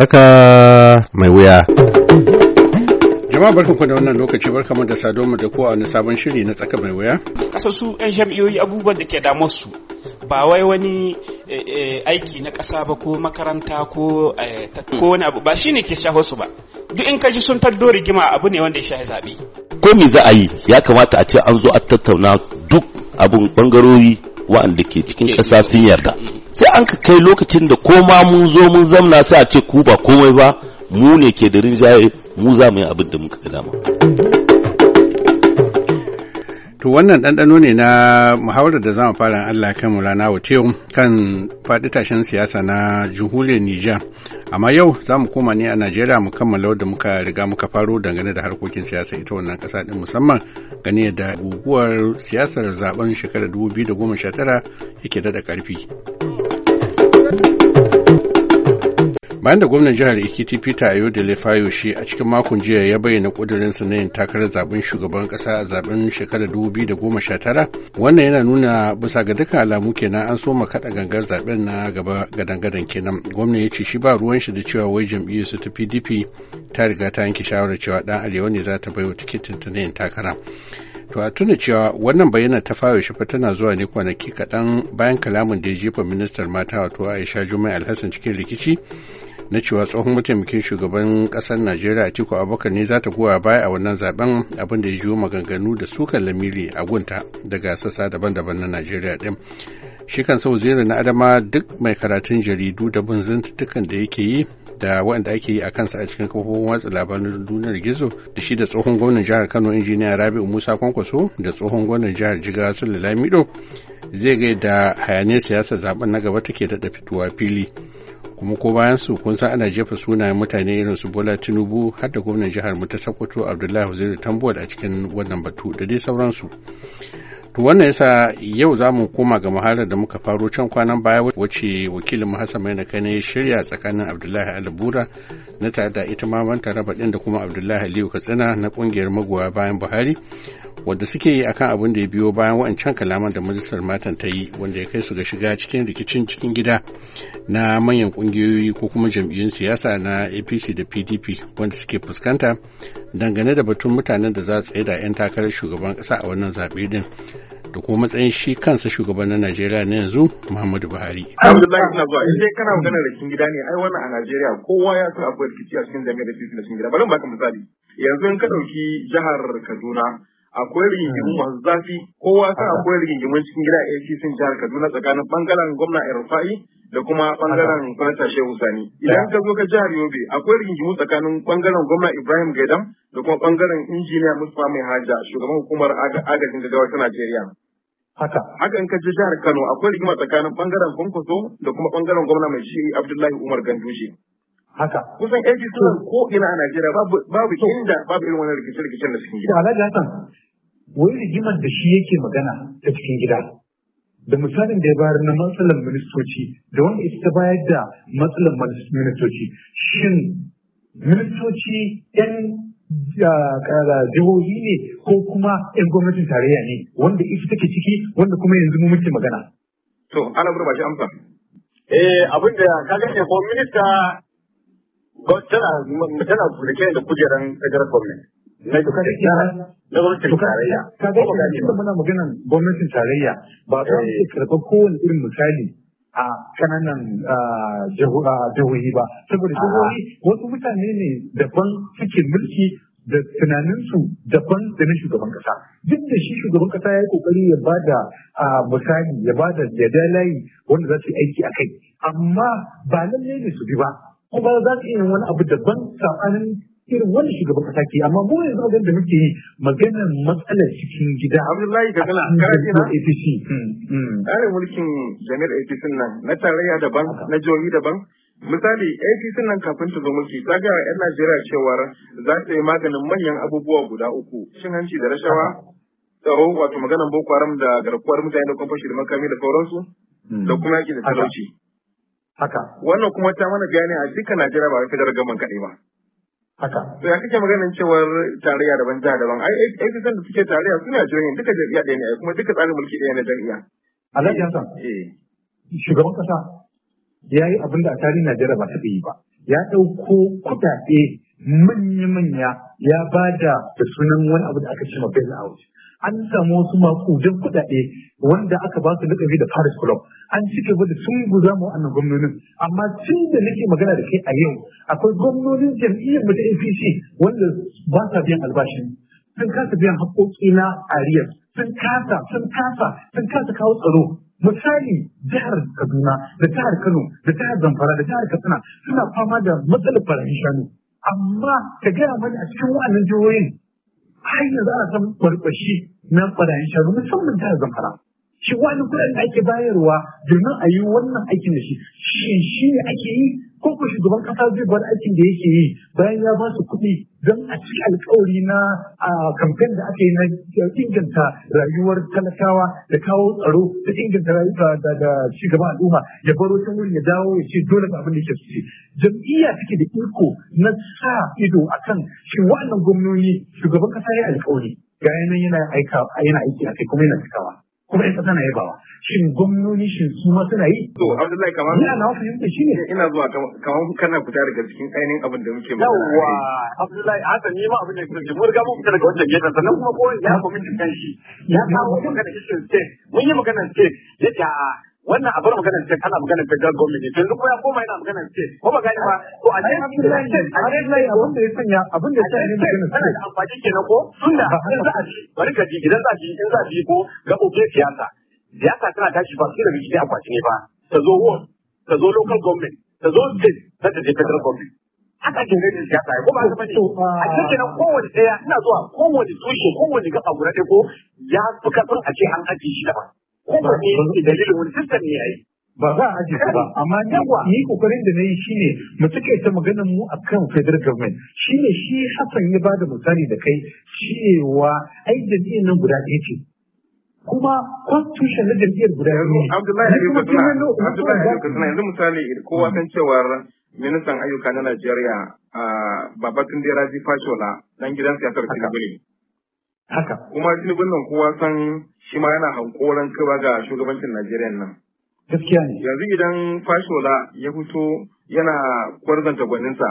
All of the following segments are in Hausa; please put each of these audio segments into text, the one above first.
tsaka mai wuya. jama'a ku da wannan lokaci mu da sado mu da ko a wani sabon shiri na tsaka mai wuya. kasar su 'yan jam'iyyoyi abubuwan da ke damar su ba wai wani eh, eh, aiki na ƙasa ba ko makaranta eh, ko wani abu ba shine ke shaho su ba duk in kaji sun taddo rigima abu ne wanda ya shafi zaɓe. ko me za a yi ya kamata a ce an zo a tattauna duk abun bangarori wa'anda ke cikin ƙasa sun yarda. Mm. sai an ka kai lokacin da koma ma mun zo mun zamna sai a ce ku ba komai ba mu ne ke da rinjaye mu za mu yi abin da muka gada ma. To wannan ɗanɗano ne na muhawarar da zamu fara Allah kan Mulana Wuteu kan faɗi tashin siyasa na jihuliyar Nijar. Amma yau za mu koma ne a Najeriya mu kammala da muka riga muka faro dangane da harkokin siyasa ita wannan ƙasa ɗin musamman gani da guguwar siyasar zaben shekarar 2019 yake da ƙarfi. bayan da gwamnan jihar ekiti peter ayodele fayoshi a cikin makon jiya ya bayyana ƙudurinsa na yin takarar zaben shugaban ƙasa a zaben shekarar 2019 wannan yana nuna bisa ga duka alamu kenan an soma kaɗa gangar zaben na gaba gadan-gadan kenan gwamnan ya ce shi ba ruwan shi da cewa wai jam'iyyar su ta pdp ta riga ta yanke shawarar cewa dan arewa ne za ta baiwa tikitin ta na yin takara To a tuna cewa wannan bayyana ta fara fa tana zuwa ne kwanaki kaɗan bayan kalamin da ya jefa ministar mata wato Aisha juma'i Alhassan cikin rikici na cewa tsohon mataimakin shugaban ƙasar Najeriya Atiku Abubakar ne za ta goya baya a wannan zaben abin da ya jiwo maganganu da sukan lamiri a gunta daga sassa daban-daban na Najeriya ɗin. Shi kan sau na Adama duk mai karatun jaridu da bin dukkan da yake yi da waɗanda ake yi a kansa a cikin kafofin watsa labaran duniyar gizo da shi da tsohon gwamnan jihar kano injiniya rabi'u musa kwankwaso da tsohon gwamnan jihar jigawa sule lamido zai ga da hayaniyar siyasar zaben na gaba take daɗa fitowa fili kuma ko bayan su kun san ana jefa sunayen mutane irin su Bola Tinubu har da gwamnan jihar mu ta Sokoto Abdullahi Huzairu tambuwa a cikin wannan batu da dai sauransu. To wannan yasa yau za mu koma ga muharar da muka faro can kwanan baya wacce wakilin Hassan Maina Kane shirya tsakanin Abdullahi Alabura na tare da ita maman Taraba din da kuma Abdullahi Aliyu Katsina na kungiyar magoya bayan Buhari wanda suke yi akan abin da ya biyo bayan wancan kalaman da majalisar matan ta yi wanda ya kai su ga shiga cikin rikicin cikin gida na manyan kungiyoyi ko kuma jam'iyyun siyasa na APC da PDP wanda suke fuskanta dangane da batun mutanen da za su tsaye da 'yan takarar shugaban kasa a wannan zaɓe din. da kuma matsayin shi kansa shugaban na Najeriya na yanzu Muhammadu Buhari. Abdullahi ina zuwa in dai kana magana da gida ne ai wannan a Najeriya kowa ya san akwai rikici a cikin jami'ar da cikin gida bari mu baka misali yanzu in ka dauki jihar Kaduna akwai rigingimu masu zafi kowa san akwai rigingimu cikin gida a APC jihar Kaduna tsakanin bangaren gwamna Erfa'i da kuma bangaren Fanta Shehu Sani. Idan ka zo ka jihar Yobe akwai rigingimu tsakanin bangaren gwamna Ibrahim Gaidam da kuma bangaren injiniya Mustapha Mai Haja shugaban hukumar agajin gaggawa ta Najeriya. Haka. Haka in ka je jihar Kano akwai rigima tsakanin bangaren Kwankwaso da kuma bangaren gwamna mai shi Abdullahi Umar Ganduje. haka kusan aiki suna ko ina a Najeriya babu inda babu irin wani rikice-rikicen da suke yi. Alhaji Hassan wai rigimar da shi yake magana ta cikin gida da misalin da ya bayar na matsalar ministoci da wanda ita ta bayar da matsalar ministoci shin ministoci 'yan jihohi ne ko kuma 'yan gwamnatin tarayya ne wanda ita take ciki wanda kuma yanzu mu muke magana. To, ana ba shi amsa. Eh, abin da ka gane ko minista tana tana da kujeran federal gwamnati na duka da gyara na gwamnatin tarayya. Kaga ba gani ba muna maganan gwamnatin tarayya ba za mu eh. karɓa kowane irin misali a kananan jihohi ba saboda jihohi wasu mutane ne daban suke mulki da tunaninsu daban da na shugaban kasa duk da shi shugaban kasa ya yi kokari ya ba da misali ya ba da yada layi wanda za su yi aiki a kai amma ba lallai ne su bi ba kuma za su iya wani abu daban tsakanin irin wani shugaban kasa ke amma mu yanzu abin da muke maganar matsalar cikin gida abdullahi da kana karaji na apc hmm, hmm. tsarin mulkin jami'ar apc nan na tarayya daban na jihohi daban misali apc nan kafin ta zo mulki ta ga yan najeriya cewar za ta yi maganin manyan abubuwa guda uku cin hanci da rashawa tsaro wato maganar boko haram da garkuwar mutane da kwamfashi da makami da sauransu hmm. da kuma yaki da talauci haka wannan kuma ta mana bayani a duka najeriya ba ta gargaman kaɗai ba haka to ya kake maganin cewar tarayya daban jiha daban ai ai da suke tarayya suna jirgin duka jam'iyya ɗaya ne kuma duka tsarin mulki ɗaya na a alhaji hasan eh. shugaban kasa ya yi abin da a tarihin najeriya ba taɓa yi ba ya ɗauko kuɗaɗe manya-manya ya ba da sunan wani abu da aka ce ma bail out an samu wasu makudan kuɗaɗe wanda aka ba su lakabi da Paris Club an cike gaba da sun guza mu wannan gwamnonin amma tun da nake magana da kai a yau akwai gwamnonin jam'iyyar mu ta APC wanda ba sa biyan albashin sun kasa biyan haƙƙoƙi na ariyar sun kasa sun kasa sun kasa kawo tsaro misali jihar Kaduna da jihar Kano da jihar Zamfara da jihar Katsina suna fama da matsalar farashin shanu amma ka gaya mani a cikin wa'annan jihohin har yanzu a san barbashi na barayin shanu musamman ta zamfara shi wani kuɗin da ake bayarwa domin a yi wannan aikin da shi shi ne ake yi ko ko shugaban kasa zai bar aikin da yake yi bayan ya ba su kuɗi don a cikin alkawari na kamfen da aka yi na inganta rayuwar talakawa da kawo tsaro da inganta rayuwa da shugaban al'umma ya baro ta wuri ya dawo ya ce dole ba abin da yake su jam'iyya take da iko na sa ido akan shi wannan gwamnoni shugaban kasa ya alkawari ga yanan yana aiki a kai kuma yana cikawa kuma ita tana yabawa shin gwamnoni shin su ma suna yi to abdullahi kamar ina na fahimta shine ina zuwa kamar kana fita daga cikin ainihin abin da muke magana yawa abdullahi haka ni ma abin da kuke mun riga mun fita daga wannan gefen sannan kuma ko ya kuma mun kan shi ya kawo magana shi sai mun yi magana sai yace a'a wannan abar maganar state ana maganar federal government ne yanzu ko ya koma yana maganar state ko magana ba to a ce a ne sai abin da ya sanya abin da ya sanya maganar state da amfani kenan ko tunda in za a ji bari ka ji idan za a ji in za a ji ko ga ofe siyasa siyasa tana tashi ba su daga gidi akwati ne ba ta zo ward ta zo local government ta zo state za ta je federal government haka ke rage siyasa ya kuma zama ne a cikin kowane ɗaya ina zuwa kowane tushe kowane gaba guda ɗaya ko ya fi karfin a ce an ajiye shi daban kuma ne dalilin wani sistem ne yayi ba za a ajiye ba amma ni kokarin da na yi shine mu take ta maganar mu akan federal government shine shi Hassan ya bada misali da kai cewa ai jami'in nan guda ɗaya ce kuma constitution na jam'iyyar guda ɗaya ne Abdullahi Ayyuka suna Abdullahi Ayyuka suna yanzu misali kowa san cewar ministan ayyuka na Najeriya ah, Babatunde Raji Fashola dan gidan siyasar Tinubu ne Haka. Kuma Tinubun nan kowa san shi ma yana hankoran kaba ga shugabancin Najeriya nan. Gaskiya ne. Yanzu idan Fashola ya fito yana kwarzanta gwaninsa.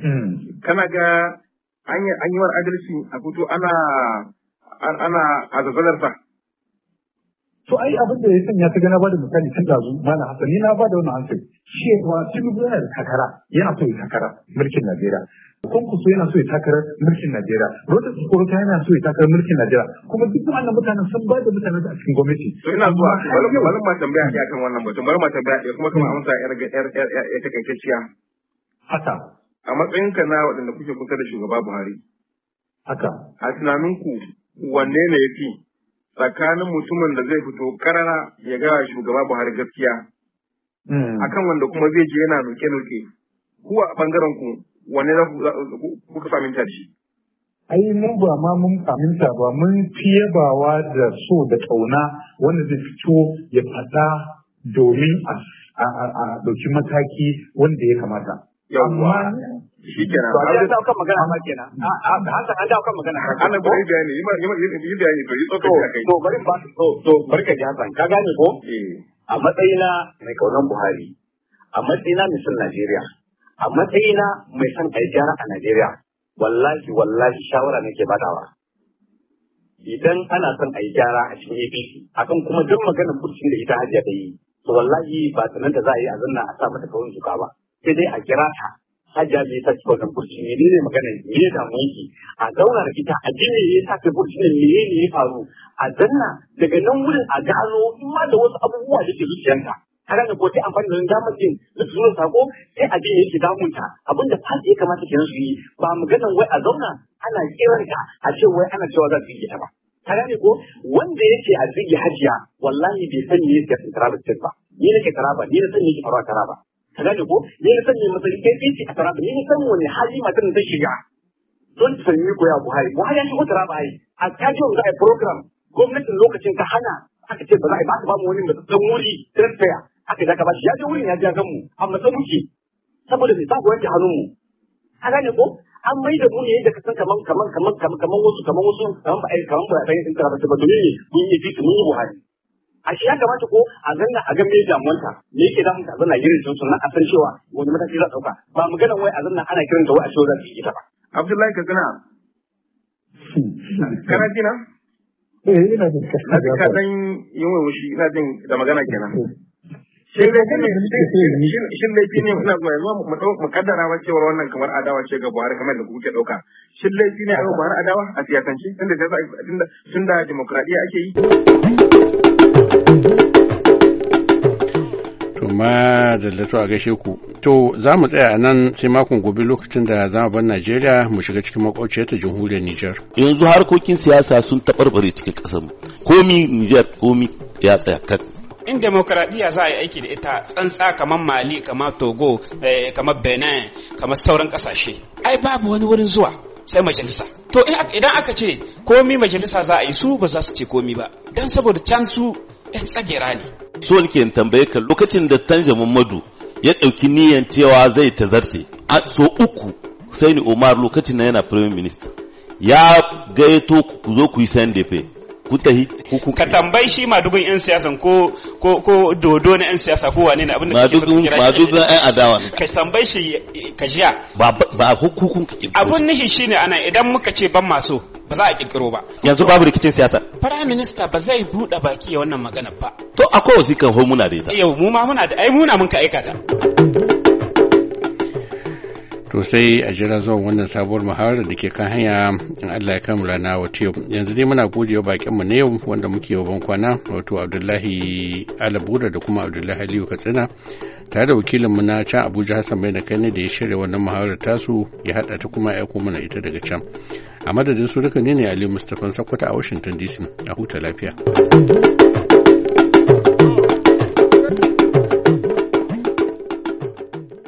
Hmm. Kana ga an yi adalci a fito ana a zazzalarsa. to ai abin da ya sanya ta gana ba da misali tun da malam Hassan ni na bada wannan hankali cewa Tinubu yana da takara yana so ya takara mulkin Najeriya Kwankwaso yana so ya takara mulkin Najeriya Rota Tsokorota yana so ya takara mulkin Najeriya kuma duk wannan mutanen sun ba da mutanen a cikin gwamnati to ina zuwa bari ma tambaya ya kan wannan mutum bari ma tambaya ya kuma kuma amsa yar yar yar takaitacciya haka a matsayin ka na waɗanda kuke kusa da shugaba Buhari haka a tunaninku wanne ne ya fi? tsakanin mutumin da zai fito karara ya ga shugaba Buhari gaskiya. Hmm. Akan wanda kuma zai je yana nuke-nuke. Ku a bangaren ku wani za ku saminta da shi? Ai mu ba ma mun aminta ba mun fiyabawa da so da ƙauna wanda zai fito ya fada domin a ɗauki mataki wanda ya kamata. Amma shikenan ba an dawo kan magana ma kenan hasan an kan magana bari bayani yi yi bayani to yi to bari ba to to ji hasan ka gane ko eh. a matsayina mai kaunan Buhari a matsayina mai son Najeriya a matsayina mai son kai gyara a Najeriya wallahi wallahi shawara nake badawa idan ana son a yi gyara a cikin APC akan kuma duk maganar kurcin da ita hajiya ta yi to wallahi ba sanan da za a yi a zanna a sa mata kawai zuka ba sai dai a kira ta hajiya me yasa kika wannan burci ne ne magana me ya damu yake a zauna da kita a jini me yasa kai burci ne me ne ya faru a zanna daga nan wurin a gano in ma da wasu abubuwa da ke zuciyarka har da ko sai amfani da damar din da tura sako sai a jini yake damunta abinda fa ya kamata kenan su yi ba maganan wai a zauna ana kiranta a ce wai ana cewa za su yi ta ba ka gane ko wanda yake a zigi hajiya wallahi bai sani yake taraba ba ni ke tsara ba ni na sani yake faruwa ba. ka gane ko ne na san me matsayi kai kai ce a taraba ne san wani hali matan ta shiga don san sami ko ya buhari buhari ya shigo taraba ai a kajin za a yi program gwamnatin lokacin ka hana aka ce ba za a yi ba ta ba mu wani matsatsan wuri don tsaya aka daga ba shi ya je wurin ya ji gan mu amma sai muke saboda sai babu wanke hannun mu ka gane ko an mai da mu ne da kasan kaman kaman kaman kaman wasu kaman wasu kaman ba kaman ba sai in taraba ba domin ne mun yi fitu mun yi buhari a shi ya kamata ko a zanna a ga me damuwarta me yake damun ta zanna girin jinsu na a cewa wani mataki za a ɗauka ba magana wai a zanna ana kiran ta wai a cewa za su yi ita ba. Abdullahi ka gana kana jina? Eh ina jin ka. Na ka san yin wushi ina jin da magana kenan. shin laifi ne ina zuwa yanzu mu kaddara wa cewa wannan kamar adawa ce ga Buhari kamar da kuke dauka shin laifi ne a Buhari adawa a siyasance tunda da tunda tunda demokradiya ake yi to ma da a gaishe ku to za mu tsaya a nan sai makon gobe lokacin da za mu bar Najeriya mu shiga cikin makwauciyar ta jamhuriyar Nijar yanzu harkokin siyasa sun taɓarɓare cikin ƙasar komi Nijar komi ya tsaya kak in demokradiyya za a yi aiki da ita tsantsa kamar mali kamar togo eh, kamar benin kamar sauran kasashe ai babu wani wurin zuwa sai majalisa to idan aka ce komi majalisa za a yi su ba za su ce komi ba don saboda can su yan tsagera ne so ke tambaye ka lokacin da tanja mamadu ya ɗauki niyan cewa zai tazarce a so uku sai ni umar lokacin na yana prime minister ya gayyato ku zo ku yi sandefe kun tahi ka tambayi shi madugun yan siyasa ko ko ko dodo na yan siyasa ko wane ne abin da kake so kira madugun yan adawa ka tambayi shi ka jiya ba ba ko ku kun abun nihi shine ana idan muka ce ban maso ba za a kirkiro ba yanzu babu rikicin siyasa prime minister ba zai buɗe baki ya wannan magana ba to akwai wasikan ho da ita yau mu ma muna da ai muna mun ka aikata to sai a jira zuwa wannan sabuwar muhawarar da ke kan hanya in Allah ya kammala rana wata yau yanzu dai muna gode bakin mu na yau wanda muke yau ban kwana wato Abdullahi Alabura da kuma Abdullahi Aliyu Katsina tare da wakilinmu na can Abuja Hassan Bai kai ne da ya shirya wannan muhawarar tasu ya hada ta kuma ya aiko mana ita daga can a madadin su ne ne Aliyu Mustapha Sakwata a Washington DC a huta lafiya